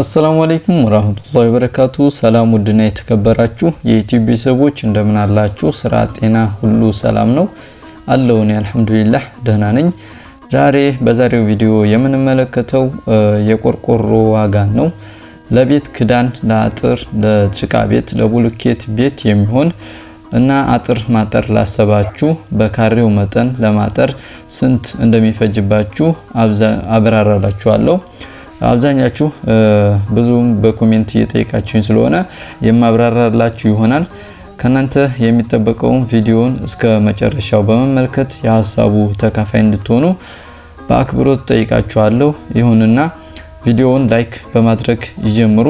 አሰላሙ አለይኩም ወራህመቱላሂ ወበረካቱ። ሰላም ውድና የተከበራችሁ የዩቲዩብ ቤተሰቦች እንደምን አላችሁ? ስራ፣ ጤና ሁሉ ሰላም ነው አለውን? አልሐምዱሊላህ ደህና ነኝ። ዛሬ በዛሬው ቪዲዮ የምንመለከተው የቆርቆሮ ዋጋን ነው። ለቤት ክዳን፣ ለአጥር፣ ለጭቃ ቤት፣ ለቡልኬት ቤት የሚሆን እና አጥር ማጠር ላሰባችሁ በካሬው መጠን ለማጠር ስንት እንደሚፈጅባችሁ አብራራላችኋለሁ። አብዛኛችሁ ብዙም በኮሜንት እየጠየቃችሁኝ ስለሆነ የማብራራላችሁ ይሆናል። ከእናንተ የሚጠበቀውን ቪዲዮውን እስከ መጨረሻው በመመልከት የሀሳቡ ተካፋይ እንድትሆኑ በአክብሮት ጠይቃችኋለሁ። ይሁንና ቪዲዮውን ላይክ በማድረግ ይጀምሩ።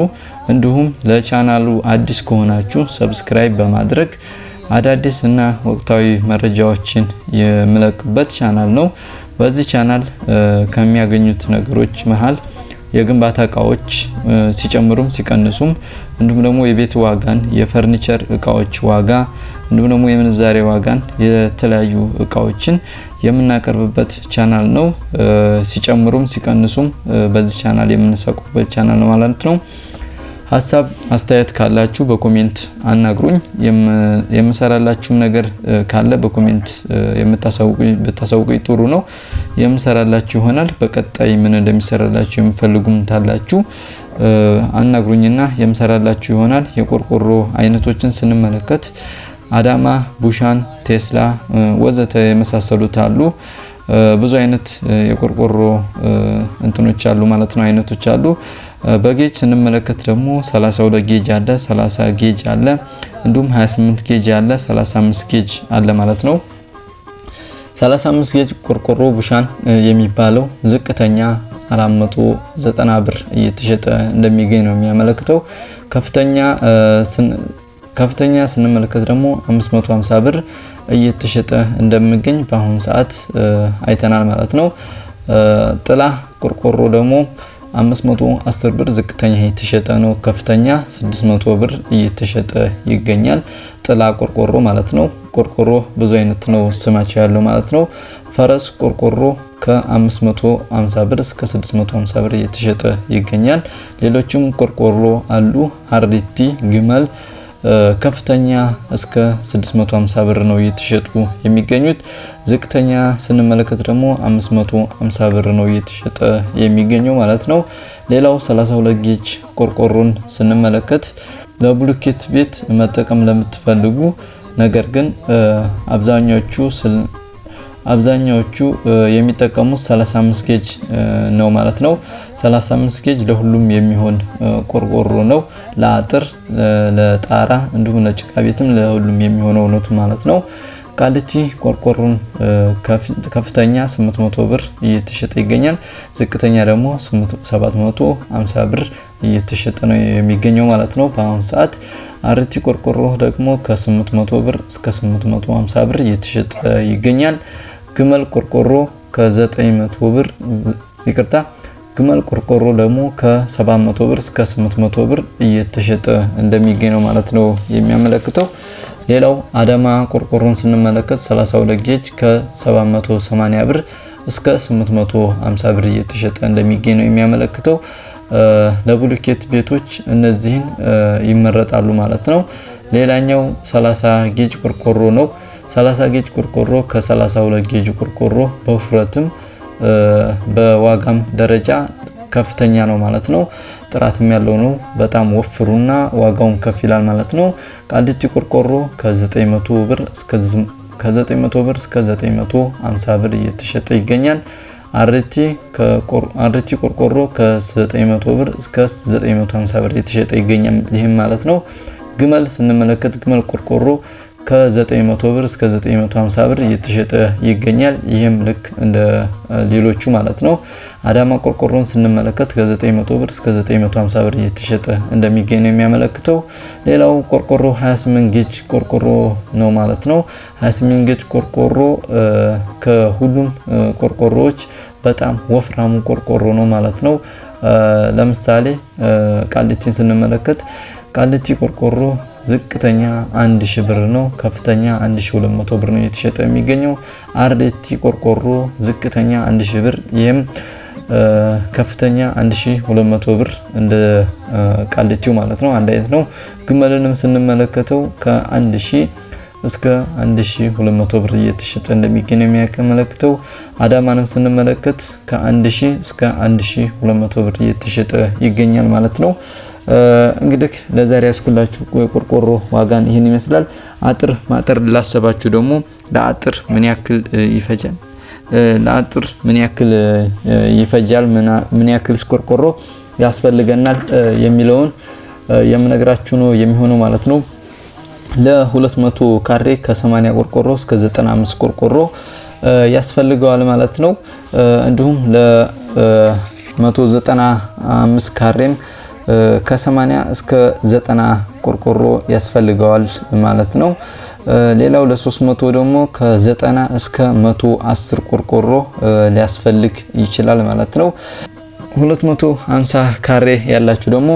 እንዲሁም ለቻናሉ አዲስ ከሆናችሁ ሰብስክራይብ በማድረግ አዳዲስ እና ወቅታዊ መረጃዎችን የምለቅበት ቻናል ነው። በዚህ ቻናል ከሚያገኙት ነገሮች መሀል የግንባታ እቃዎች ሲጨምሩም ሲቀንሱም፣ እንዲሁም ደግሞ የቤት ዋጋን፣ የፈርኒቸር እቃዎች ዋጋ እንዲሁም ደግሞ የምንዛሬ ዋጋን፣ የተለያዩ እቃዎችን የምናቀርብበት ቻናል ነው። ሲጨምሩም ሲቀንሱም በዚህ ቻናል የምንሰቁበት ቻናል ነው ማለት ነው። ሀሳብ አስተያየት ካላችሁ በኮሜንት አናግሩኝ። የምሰራላችሁም ነገር ካለ በኮሜንት ብታሳውቁኝ ጥሩ ነው፣ የምሰራላችሁ ይሆናል። በቀጣይ ምን እንደሚሰራላችሁ የምፈልጉም ታላችሁ አናግሩኝና የምሰራላችሁ ይሆናል። የቆርቆሮ አይነቶችን ስንመለከት አዳማ፣ ቡሻን፣ ቴስላ ወዘተ የመሳሰሉት አሉ። ብዙ አይነት የቆርቆሮ እንትኖች አሉ ማለት ነው፣ አይነቶች አሉ። በጌጅ ስንመለከት ደግሞ 32 ጌጅ አለ፣ 30 ጌጅ አለ፣ እንዲሁም 28 ጌጅ አለ፣ 35 ጌጅ አለ ማለት ነው። 35 ጌጅ ቆርቆሮ ቡሻን የሚባለው ዝቅተኛ 490 ብር እየተሸጠ እንደሚገኝ ነው የሚያመለክተው። ከፍተኛ ከፍተኛ ስንመለከት ደግሞ 550 ብር እየተሸጠ እንደሚገኝ በአሁኑ ሰዓት አይተናል ማለት ነው። ጥላ ቆርቆሮ ደግሞ 510 ብር ዝቅተኛ እየተሸጠ ነው። ከፍተኛ 600 ብር እየተሸጠ ይገኛል። ጥላ ቆርቆሮ ማለት ነው። ቆርቆሮ ብዙ አይነት ነው ስማቸው ያለው ማለት ነው። ፈረስ ቆርቆሮ ከ550 ብር እስከ 650 ብር እየተሸጠ ይገኛል። ሌሎችም ቆርቆሮ አሉ። አርዲቲ ግመል ከፍተኛ እስከ 650 ብር ነው እየተሸጡ የሚገኙት። ዝቅተኛ ስንመለከት ደግሞ 550 ብር ነው እየተሸጠ የሚገኘው ማለት ነው። ሌላው 32 ጌጅ ቆርቆሮን ስንመለከት ለብሎኬት ቤት መጠቀም ለምትፈልጉ ነገር ግን አብዛኞቹ አብዛኛዎቹ የሚጠቀሙት 35 ጌጅ ነው ማለት ነው። 35 ጌጅ ለሁሉም የሚሆን ቆርቆሮ ነው። ለአጥር፣ ለጣራ እንዲሁም ለጭቃ ቤትም ለሁሉም የሚሆነው ነው ማለት ነው። ቃልቲ ቆርቆሮን ከፍተኛ 800 ብር እየተሸጠ ይገኛል። ዝቅተኛ ደግሞ 750 ብር እየተሸጠ ነው የሚገኘው ማለት ነው በአሁኑ ሰዓት። አርቲ ቆርቆሮ ደግሞ ከ800 ብር እስከ 850 ብር እየተሸጠ ይገኛል። ግመል ቆርቆሮ ከ900 ብር ይቅርታ ግመል ቆርቆሮ ደግሞ ከ700 ብር እስከ 800 ብር እየተሸጠ እንደሚገኝ ነው ማለት ነው የሚያመለክተው። ሌላው አዳማ ቆርቆሮን ስንመለከት 32 ጌጅ ከ780 ብር እስከ 850 ብር እየተሸጠ እንደሚገኝ ነው የሚያመለክተው። ለብሎኬት ቤቶች እነዚህን ይመረጣሉ ማለት ነው። ሌላኛው 30 ጌጅ ቆርቆሮ ነው። 30 ጌጅ ቆርቆሮ ከ32 ጌጅ ቆርቆሮ በውፍረትም በዋጋም ደረጃ ከፍተኛ ነው ማለት ነው። ጥራትም ያለው ነው። በጣም ወፍሩና ዋጋውም ከፍ ይላል ማለት ነው። ቃሊቲ ቆርቆሮ ከ900 ብር እስከ ከ900 ብር እስከ 950 ብር እየተሸጠ ይገኛል። አርቲ ቆርቆሮ ከ900 ብር እስከ 950 ብር እየተሸጠ ይገኛል። ይህም ማለት ነው። ግመል ስንመለከት ግመል ቆርቆሮ ከ900 ብር እስከ 950 ብር እየተሸጠ ይገኛል። ይህም ልክ እንደ ሌሎቹ ማለት ነው። አዳማ ቆርቆሮን ስንመለከት ከ900 ብር እስከ 950 ብር እየተሸጠ እንደሚገኝ ነው የሚያመለክተው። ሌላው ቆርቆሮ 28 ጌጅ ቆርቆሮ ነው ማለት ነው። 28 ጌጅ ቆርቆሮ ከሁሉም ቆርቆሮዎች በጣም ወፍራሙ ቆርቆሮ ነው ማለት ነው። ለምሳሌ ቃሊቲን ስንመለከት ቃሊቲ ቆርቆሮ ዝቅተኛ 1000 ብር ነው፣ ከፍተኛ 1200 ብር ነው የተሸጠ የሚገኘው። አርዲቲ ቆርቆሮ ዝቅተኛ 1000 ብር ይህም ከፍተኛ 1200 ብር እንደ ቃልቲው ማለት ነው። አንድ አይነት ነው። ግመልንም ስንመለከተው ከ1000 እስከ 1200 ብር እየተሸጠ እንደሚገኝ የሚያመለክተው። አዳማንም ስንመለከት ከ1000 እስከ 1200 ብር እየተሸጠ ይገኛል ማለት ነው። እንግዲህ ለዛሬ ያስኩላችሁ የቆርቆሮ ዋጋን ይህን ይመስላል። አጥር ማጠር ላሰባችሁ ደግሞ ለአጥር ምን ያክል ይፈጃል? ለአጥር ምን ያክል ይፈጃል? ምን ያክል ቆርቆሮ ያስፈልገናል? የሚለውን የምነግራችሁ ነው የሚሆነው ማለት ነው። ለ200 ካሬ ከ80 ቆርቆሮ እስከ 95 ቆርቆሮ ያስፈልገዋል ማለት ነው። እንዲሁም ለ195 ካሬም ከ80 እስከ 90 ቆርቆሮ ያስፈልገዋል ማለት ነው። ሌላው ለ300 ደግሞ ከ90 እስከ 110 ቆርቆሮ ሊያስፈልግ ይችላል ማለት ነው። 250 ካሬ ያላችሁ ደግሞ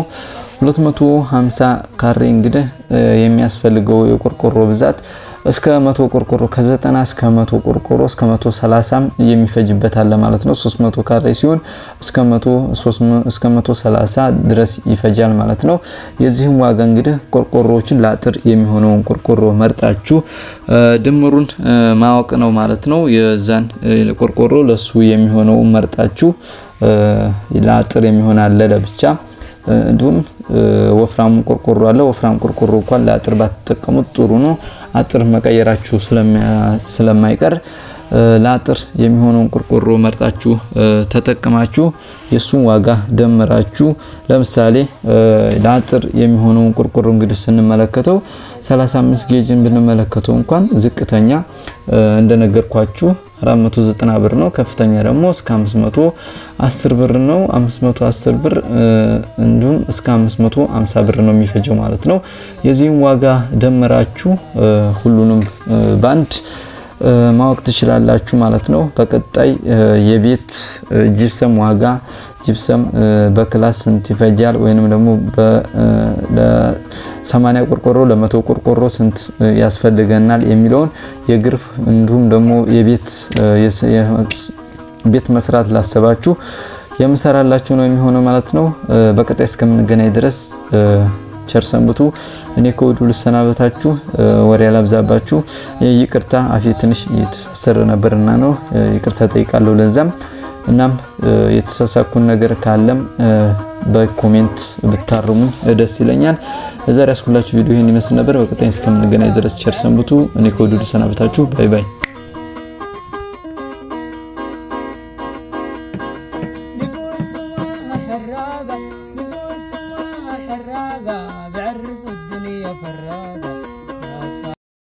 250 ካሬ እንግዲህ የሚያስፈልገው የቆርቆሮ ብዛት እስከ መቶ ቆርቆሮ ከዘጠና እስከ መቶ ቆርቆሮ እስከ መቶ የሚፈጅበት አለ ማለት ነው። 300 ካሬ ሲሆን እስከ 100 እስከ 130 ድረስ ይፈጃል ማለት ነው። የዚህም ዋጋ እንግዲህ ቆርቆሮዎችን ለአጥር የሚሆነውን ቆርቆሮ መርጣችሁ ድምሩን ማወቅ ነው ማለት ነው። የዛን ቆርቆሮ ለሱ የሚሆነውን መርጣችሁ ለአጥር የሚሆን አለ ለብቻ እንዲሁም ወፍራም ቆርቆሮ አለ። ወፍራም ቆርቆሮ እንኳን ለአጥር ባትጠቀሙት ጥሩ ነው። አጥር መቀየራችሁ ስለማይቀር ለአጥር የሚሆነውን ቆርቆሮ መርጣችሁ ተጠቅማችሁ የሱን ዋጋ ደምራችሁ ለምሳሌ ለአጥር የሚሆነውን ቆርቆሮ እንግዲህ ስንመለከተው 35 ጌጅን ብንመለከተው እንኳን ዝቅተኛ እንደነገርኳችሁ 490 ብር ነው። ከፍተኛ ደግሞ እስከ 510 ብር ነው። 510 ብር እንዲሁም እስከ 550 ብር ነው የሚፈጀው ማለት ነው። የዚህም ዋጋ ደምራችሁ ሁሉንም ባንድ ማወቅ ትችላላችሁ ማለት ነው። በቀጣይ የቤት ጂፕሰም ዋጋ ጂፕሰም በክላስ ስንት ይፈጃል? ወይንም ደግሞ ለ80 ቆርቆሮ ለ100 ቆርቆሮ ስንት ያስፈልገናል የሚለውን የግርፍ እንዲሁም ደግሞ ቤት መስራት ላሰባችሁ የምሰራላችሁ ነው የሚሆነው ማለት ነው። በቀጣይ እስከምንገናኝ ድረስ ቸር ሰንብቱ። እኔ ከወዱ ልሰናበታችሁ፣ ወሬ ያላብዛባችሁ። ይቅርታ አፌ ትንሽ እየተሰረ ነበርና ነው ይቅርታ ጠይቃለሁ ለዛም እናም የተሳሳኩን ነገር ካለም በኮሜንት ብታርሙ ደስ ይለኛል። ዛሬ ያስኩላችሁ ቪዲዮ ይህን ይመስል ነበር። በቀጣይ እስከምንገናኝ ድረስ ቸር ሰንብቱ። እኔ ከወዱዱ ሰናበታችሁ። ባይ ባይ።